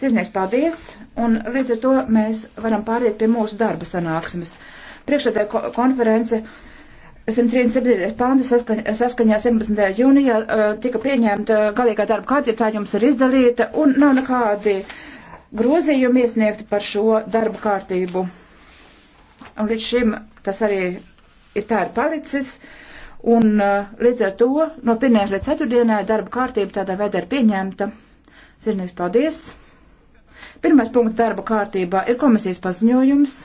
Sirsnieks paldies, un līdz ar to mēs varam pāriet pie mūsu darba sanāksmes. Priekšādē konference 137. pānta saskaņā, saskaņā 17. jūnijā eh, tika pieņemta galīgā darba kārtība, tā jums ir izdalīta, un nav nekādi grozījumi iesniegti par šo darba kārtību. Un līdz šim tas arī ir tā ir palicis, un eh, līdz ar to no 1. līdz 4. dienai darba kārtība tādā veidā ir pieņemta. Sirdnieks, paldies! Pirmais punkts darba kārtībā ir komisijas paziņojums.